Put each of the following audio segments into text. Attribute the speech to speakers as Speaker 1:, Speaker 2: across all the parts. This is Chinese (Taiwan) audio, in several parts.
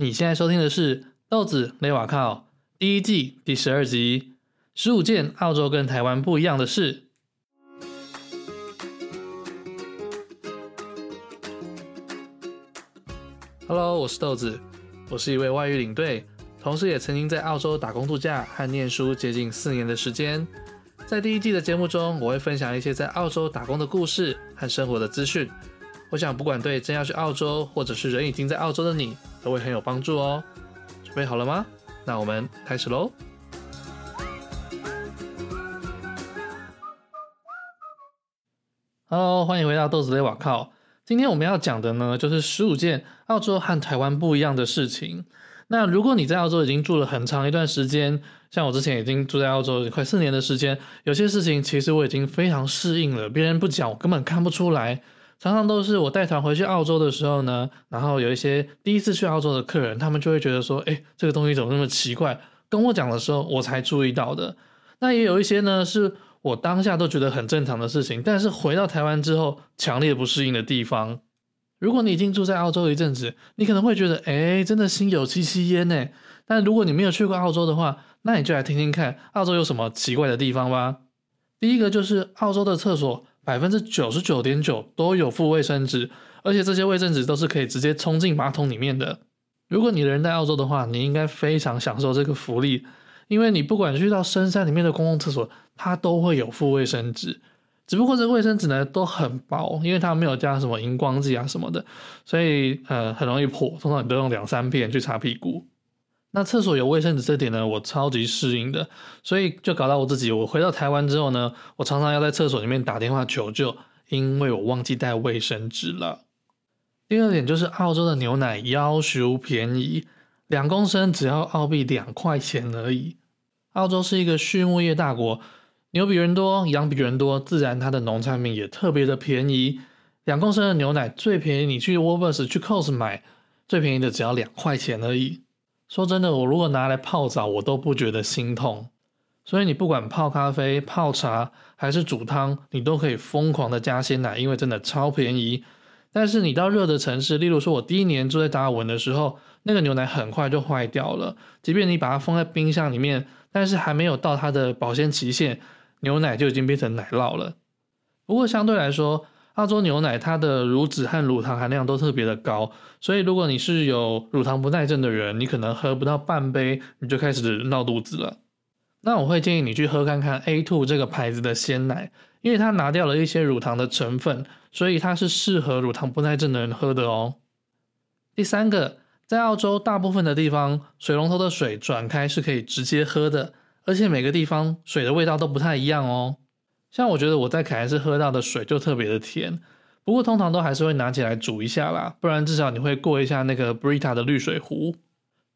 Speaker 1: 你現在收聽的是《豆子內瓦靠》第一季第十二集《十五件澳洲跟台灣不一樣的事》。Hello，我是豆子，我是一位外語領隊，同時也曾經在澳洲打工度假和念書接近四年的時間。在第一季的節目中，我會分享一些在澳洲打工的故事和生活的資訊。我想，不管對正要去澳洲，或者是人已經在澳洲的你，都會很有幫助哦，準備好了嗎？那我們開始嘍。Hello，歡迎回到豆子雷瓦靠。今天我們要講的呢，就是十五件澳洲和台灣不一樣的事情。那如果你在澳洲已經住了很長一段時間，像我之前已經住在澳洲快四年的時間，有些事情其實我已經非常適應了，別人不講，我根本看不出來。常常都是我帶團回去澳洲的時候呢，然後有一些第一次去澳洲的客人，他們就會覺得說：“哎、欸，這個東西怎麼那麼奇怪？”跟我講的時候，我才注意到的。那也有一些呢，是我當下都覺得很正常的事情，但是回到台灣之後，強烈不適應的地方。如果你已經住在澳洲一陣子，你可能會覺得：“哎、欸，真的心有戚戚焉呢。”但如果你沒有去過澳洲的話，那你就來聽聽看澳洲有什麼奇怪的地方吧。第一個就是澳洲的廁所。百分之九十九點九都有附衛生紙，而且這些衛生紙都是可以直接沖進馬桶裡面的。如果你的人在澳洲的話，你應該非常享受這個福利，因為你不管去到深山裡面的公共廁所，它都會有附衛生紙。只不過這衛生紙呢都很薄，因為它沒有加什麼熒光劑啊什麼的，所以呃很容易破。通常你都用兩三片去擦屁股。那廁所有衛生紙這點呢，我超級適應的，所以就搞到我自己。我回到台灣之後呢，我常常要在廁所裡面打電話求救，因為我忘記帶衛生紙了。第二點就是澳洲的牛奶要求便宜，兩公升只要澳幣兩塊錢而已。澳洲是一個畜牧業大國，牛比人多，羊比人多，自然它的農產品也特別的便宜。兩公升的牛奶最便宜，你去 Woolworths 去 Coles 買最便宜的，只要兩塊錢而已。說真的，我如果拿來泡澡，我都不覺得心痛。所以你不管泡咖啡、泡茶還是煮湯，你都可以瘋狂的加鮮奶，因為真的超便宜。但是你到熱的城市，例如說我第一年住在達爾文的時候，那個牛奶很快就壞掉了。即便你把它放在冰箱裡面，但是還沒有到它的保鮮期限，牛奶就已經變成奶酪了。不過相對來說，澳洲牛奶它的乳脂和乳糖含量都特別的高，所以如果你是有乳糖不耐症的人，你可能喝不到半杯你就開始鬧肚子了。那我會建議你去喝看看 A2 這個牌子的鮮奶，因為它拿掉了一些乳糖的成分，所以它是適合乳糖不耐症的人喝的哦。第三個，在澳洲大部分的地方，水龍頭的水轉開是可以直接喝的，而且每個地方水的味道都不太一樣哦。像我覺得我在凱恩斯喝到的水就特別的甜，不過通常都還是會拿起來煮一下啦，不然至少你會過一下那個 Brita 的濾水壺。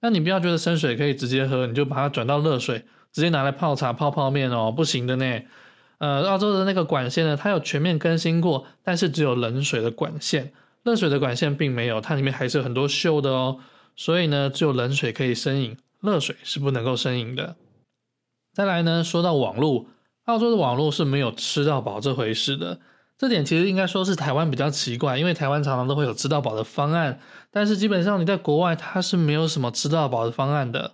Speaker 1: 那你不要覺得生水可以直接喝，你就把它轉到熱水，直接拿來泡茶、泡泡麵哦，不行的呢。呃，澳洲的那個管線呢，它有全面更新過，但是只有冷水的管線，熱水的管線並沒有，它裡面還是有很多鏽的哦。所以呢，只有冷水可以生飲，熱水是不能夠生飲的。再來呢，說到網路。澳洲的網絡是沒有吃到飽這回事的，這點其實應該說是台灣比較奇怪，因為台灣常常都會有吃到飽的方案，但是基本上你在國外它是沒有什麼吃到飽的方案的，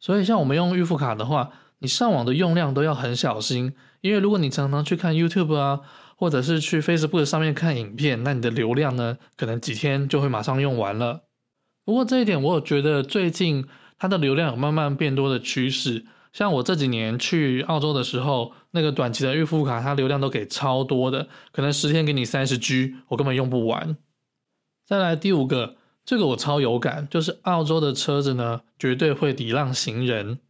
Speaker 1: 所以像我們用預付卡的話，你上網的用量都要很小心，因為如果你常常去看 YouTube 啊，或者是去 Facebook 上面看影片，那你的流量呢可能幾天就會馬上用完了。不過這一點我有覺得最近它的流量有慢慢變多的趨勢。像我這幾年去澳洲的時候，那個短期的預付卡，它流量都給超多的，可能十天給你三十 G，我根本用不完。再來第五個，這個我超有感，就是澳洲的車子呢，絕對會禮讓行人。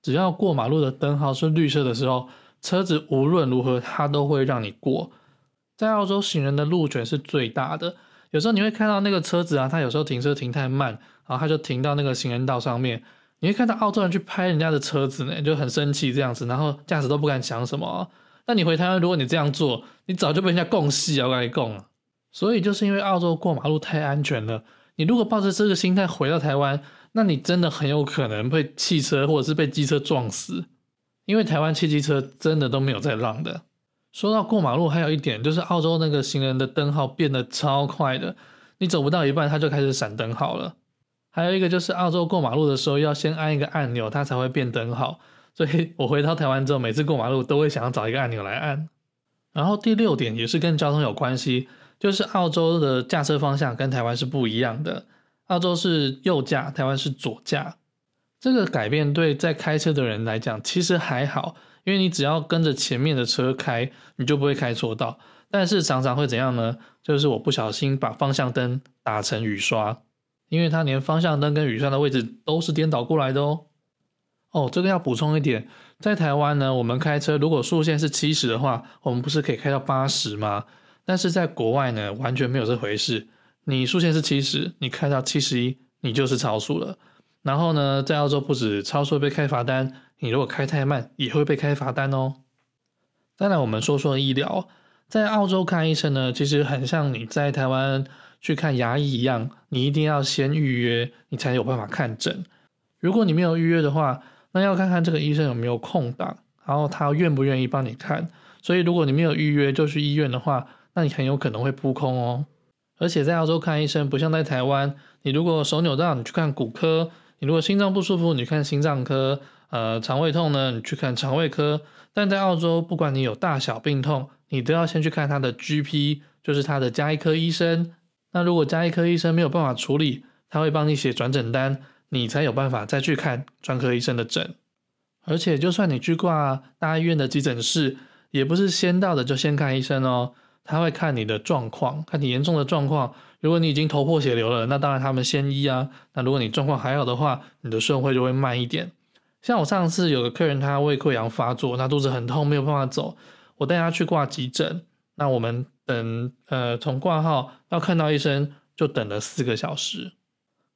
Speaker 1: 只要過馬路的燈號是綠色的時候，車子無論如何它都會讓你過。在澳洲，行人的路權是最大的，有時候你會看到那個車子啊，它有時候停車停太慢，然後它就停到那個行人道上面。你會看到澳洲人去拍人家的車子呢，就很生氣這樣子，然後駕駛都不敢想什麼啊。那你回台灣，如果你這樣做，你早就被人家供戲啊，我跟你供啊。所以就是因為澳洲過馬路太安全了，你如果抱着這個心態回到台灣，那你真的很有可能被汽車或者是被機車撞死，因為台灣汽機車真的都沒有在讓的。說到過馬路，還有一點就是澳洲那個行人的燈號變得超快的，你走不到一半，他就開始閃燈號了。還有一個就是澳洲過馬路的時候要先按一個按鈕，它才會變燈號。所以我回到台灣之後，每次過馬路都會想要找一個按鈕來按。然後第六點也是跟交通有關係，就是澳洲的駕車方向跟台灣是不一樣的。澳洲是右駕，台灣是左駕。這個改變對在開車的人來講其實還好，因為你只要跟着前面的車開，你就不會開錯道。但是常常會怎樣呢？就是我不小心把方向燈打成雨刷。因為它連方向燈跟雨刷的位置都是顛倒過來的哦。哦，這個要補充一點，在台灣呢，我們開車如果速限是七十的話，我們不是可以開到八十嗎？但是在國外呢，完全沒有這回事。你速限是七十，你開到七十一，你就是超速了。然後呢，在澳洲不止超速被開罰單，你如果開太慢也會被開罰單哦。當然，我們說說醫療，在澳洲看醫生呢，其實很像你在台灣。去看牙醫一樣，你一定要先預約，你才有辦法看診。如果你沒有預約的話，那要看看這個醫生有沒有空檔，然後他願不願意幫你看。所以，如果你沒有預約就去醫院的話，那你很有可能會撲空哦。而且在澳洲看醫生不像在台灣，你如果手扭到你去看骨科，你如果心臟不舒服你看心臟科，呃，腸胃痛呢你去看腸胃科。但在澳洲，不管你有大小病痛，你都要先去看他的 GP，就是他的家醫科醫生。那如果家醫科醫生沒有辦法處理，他會幫你寫轉診單，你才有辦法再去看專科醫生的診。而且，就算你去掛大醫院的急診室，也不是先到的就先看醫生哦。他會看你的狀況，看你嚴重的狀況。如果你已經頭破血流了，那當然他們先醫啊。那如果你狀況還好的話，你的順序就會慢一點。像我上次有個客人，他胃潰瘍發作，他肚子很痛，沒有辦法走，我帶他去掛急診。那我們等，呃，從掛號到看到醫生就等了四個小時，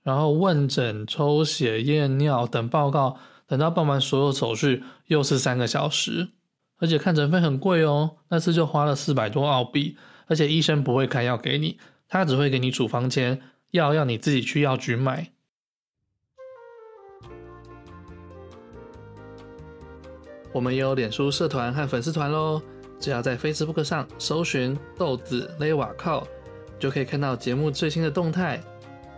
Speaker 1: 然後問診、抽血、驗尿等報告，等到辦完所有手續又是三個小時，而且看診費很貴哦，那次就花了四百多澳幣，而且醫生不會開藥給你，他只會給你處方箋，藥要，要你自己去藥局買。我們也有臉書社團和粉絲團嘍。只要在 Facebook 上搜尋豆子 Levaco，就可以看到節目最新的動態。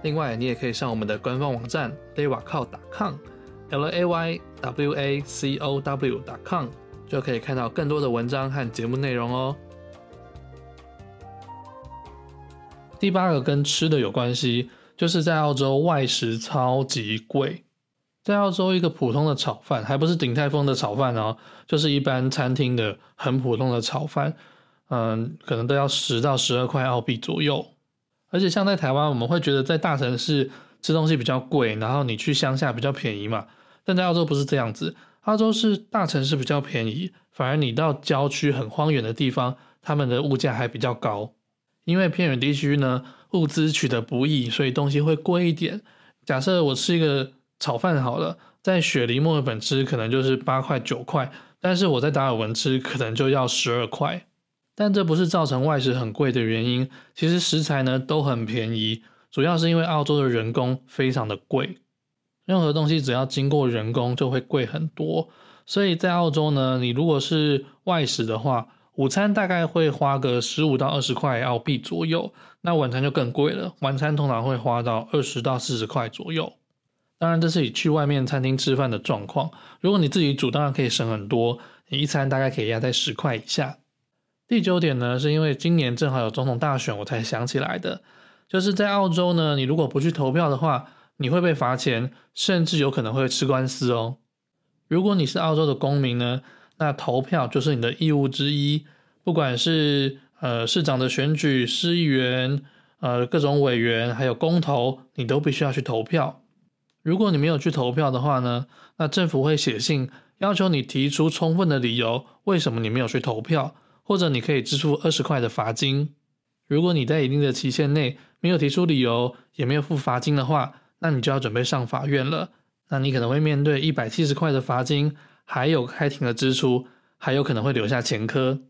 Speaker 1: 另外，你也可以上我們的官方網站 Laywacow.com，L A Y W A C O W.com，就可以看到更多的文章和節目內容哦、喔。第八個跟吃的有關係，就是在澳洲外食超級貴。在澳洲，一個普通的炒飯還不是鼎泰豐的炒飯哦，就是一般餐廳的很普通的炒飯，嗯，可能都要十到十二塊澳幣左右。而且，像在台灣，我們會覺得在大城市吃東西比較貴，然後你去鄉下比較便宜嘛。但在澳洲不是這樣子，澳洲是大城市比較便宜，反而你到郊區很荒遠的地方，他們的物價還比較高，因為偏遠地區呢，物資取得不易，所以東西會貴一點。假設我吃一個炒飯好了，在雪梨墨爾本吃可能就是八塊九塊，但是我在達爾文吃可能就要十二塊。但這不是造成外食很貴的原因，其實食材呢都很便宜，主要是因為澳洲的人工非常的貴，任何東西只要經過人工就會貴很多。所以在澳洲呢，你如果是外食的話，午餐大概會花個十五到二十塊澳幣左右，那晚餐就更貴了，晚餐通常會花到二十到四十塊左右。當然，這是你去外面餐廳吃飯的狀況。如果你自己煮，當然可以省很多，你一餐大概可以壓在十塊以下。第九點呢，是因為今年正好有總統大選，我才想起來的，就是在澳洲呢，你如果不去投票的話，你會被罰錢，甚至有可能會吃官司哦。如果你是澳洲的公民呢，那投票就是你的義務之一，不管是呃市長的選舉、市議員、呃各種委員，還有公投，你都必須要去投票。如果你沒有去投票的話呢，那政府會寫信要求你提出充分的理由，為什麼你沒有去投票，或者你可以支出二十塊的罰金。如果你在一定的期限內沒有提出理由，也沒有付罰金的話，那你就要準備上法院了。那你可能會面對一百七十塊的罰金，還有開庭的支出，還有可能會留下前科。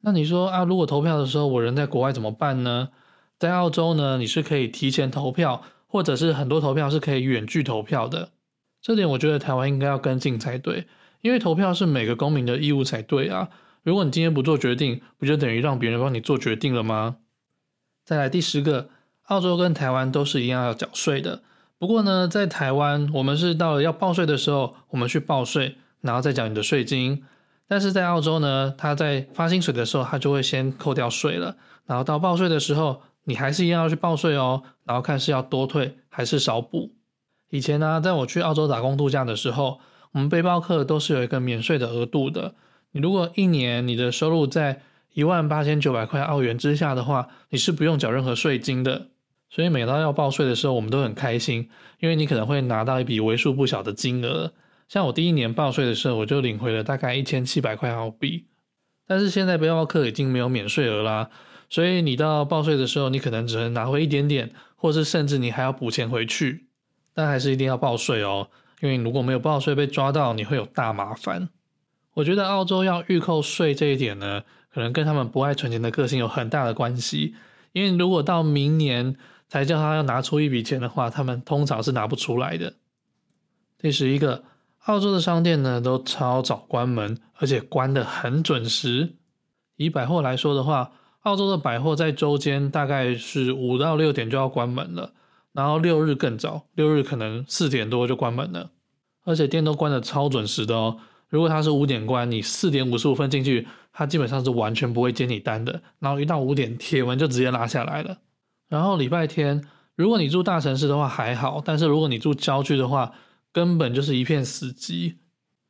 Speaker 1: 那你說啊，如果投票的時候我人在國外怎麼辦呢？在澳洲呢，你是可以提前投票。或者是很多投票是可以遠距投票的，這點我覺得台灣應該要跟進才對，因為投票是每個公民的義務才對啊。如果你今天不做決定，不就等於讓別人幫你做決定了嗎？再來第十個，澳洲跟台灣都是一樣要繳稅的。不過呢，在台灣我們是到了要報稅的時候，我們去報稅，然後再繳你的稅金。但是在澳洲呢，他在發薪水的時候，他就會先扣掉稅了，然後到報稅的時候。你還是一樣要去報稅哦，然後看是要多退還是少補。以前呢、啊，在我去澳洲打工度假的時候，我們背包客都是有一個免稅的額度的。你如果一年你的收入在一萬八千九百塊澳元之下的話，你是不用繳任何稅金的。所以每到要報稅的時候，我們都很開心，因為你可能會拿到一筆為數不小的金額。像我第一年報稅的時候，我就領回了大概一千七百塊澳幣。但是現在背包客已經沒有免稅額啦。所以你到報稅的時候，你可能只能拿回一點點，或是甚至你還要補錢回去，但還是一定要報稅哦。因為如果沒有報稅被抓到，你會有大麻煩。我覺得澳洲要預扣稅這一點呢，可能跟他們不愛存錢的個性有很大的關係。因為如果到明年才叫他要拿出一筆錢的話，他們通常是拿不出來的。第十一個，澳洲的商店呢，都超早關門，而且關得很準時。以百貨來說的話。澳洲的百貨在週間大概是五到六點就要關門了，然後六日更早，六日可能四點多就關門了，而且店都關的超準時的哦。如果它是五點關，你四點五十五分進去，它基本上是完全不會接你單的。然後一到五點，鐵門就直接拉下來了。然後禮拜天，如果你住大城市的話還好，但是如果你住郊區的話，根本就是一片死寂。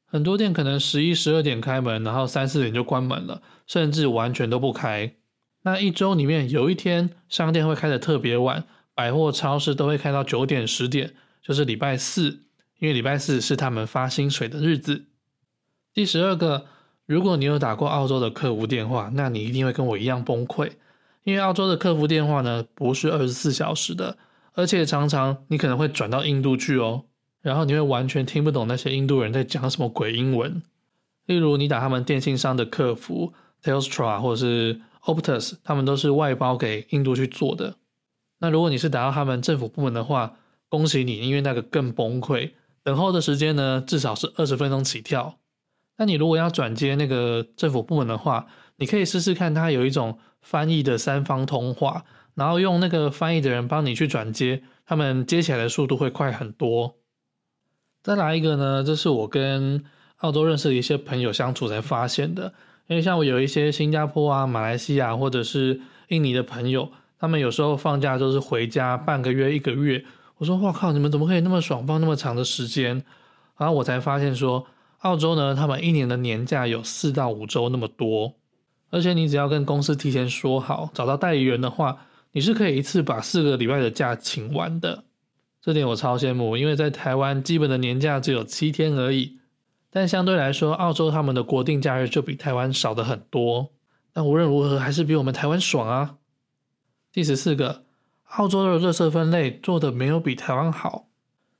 Speaker 1: 很多店可能十一十二點開門，然後三四點就關門了，甚至完全都不開。那一周裡面，有一天商店會開得特別晚，百貨超市都會開到九點十點，就是禮拜四，因為禮拜四是他們發薪水的日子。第十二個，如果你有打過澳洲的客服電話，那你一定會跟我一樣崩潰，因為澳洲的客服電話呢，不是二十四小時的，而且常常你可能會轉到印度去哦、喔，然後你會完全聽不懂那些印度人在講什麼鬼英文。例如，你打他們電信商的客服 Telstra 或是 Optus，他們都是外包給印度去做的。那如果你是打到他們政府部門的話，恭喜你，因為那個更崩潰。等候的時間呢，至少是二十分鐘起跳。那你如果要轉接那個政府部門的話，你可以試試看，它有一種翻譯的三方通話，然後用那個翻譯的人幫你去轉接，他們接起來的速度會快很多。再來一個呢，這是我跟澳洲認識的一些朋友相處才發現的。因為像我有一些新加坡啊、馬來西亞或者是印尼的朋友，他們有時候放假就是回家半個月、一個月。我說我靠，你們怎麼可以那麼爽，放那麼長的時間？然後我才發現說，澳洲呢，他們一年的年假有四到五周那麼多，而且你只要跟公司提前說好，找到代理人的話，你是可以一次把四個禮拜的假請完的。這點我超羨慕，因為在台灣基本的年假只有七天而已。但相對來說，澳洲他們的國定假日就比台灣少得很多。但無論如何，還是比我們台灣爽啊！第十四個，澳洲的垃圾分類做得沒有比台灣好。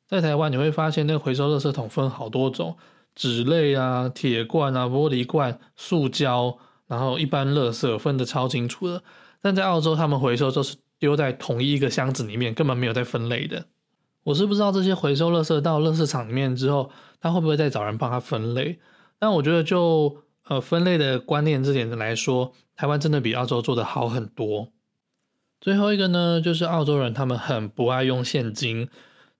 Speaker 1: 在台灣你會發現，那個回收垃圾桶分好多種，紙類啊、鐵罐啊、玻璃罐、塑膠，然後一般垃圾分得超清楚的。但在澳洲，他們回收都是丟在同一個箱子裡面，根本沒有在分類的。我是不知道這些回收垃圾到垃圾場裡面之後。他會不會再找人幫他分類？但我覺得就，就呃分類的觀念這點來說，台灣真的比澳洲做得好很多。最後一個呢，就是澳洲人他們很不愛用現金。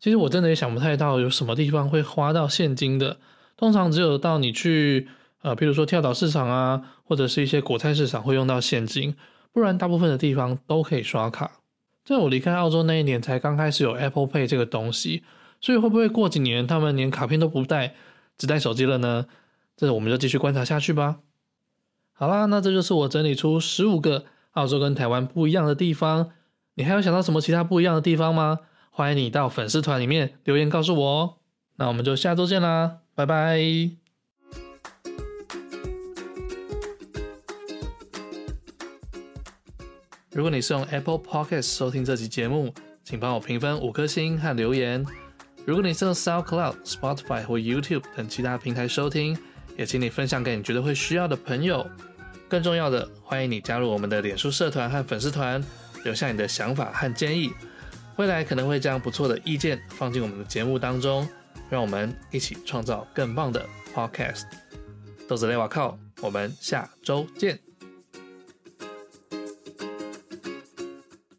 Speaker 1: 其實我真的也想不太到有什麼地方會花到現金的。通常只有到你去呃，比如說跳蚤市場啊，或者是一些果菜市場會用到現金，不然大部分的地方都可以刷卡。在我離開澳洲那一年，才剛開始有 Apple Pay 這個東西。所以會不會過幾年，他們連卡片都不帶，只帶手機了呢？這個我們就繼續觀察下去吧。好啦，那這就是我整理出十五個澳洲跟台灣不一樣的地方。你還有想到什麼其他不一樣的地方嗎？歡迎你到粉絲團裡面留言告訴我哦。那我們就下周見啦，拜拜。如果你是用 Apple Podcast 收聽這集節目，請幫我評分五顆星和留言。如果你正在 s o u n c l o u d Spotify 或 YouTube 等其他平台收聽，也請你分享給你覺得會需要的朋友。更重要的，歡迎你加入我們的臉書社團和粉絲團，留下你的想法和建議。未來可能會將不錯的意見放進我們的節目當中，讓我們一起創造更棒的 Podcast。豆子淚瓦靠，我們下周見。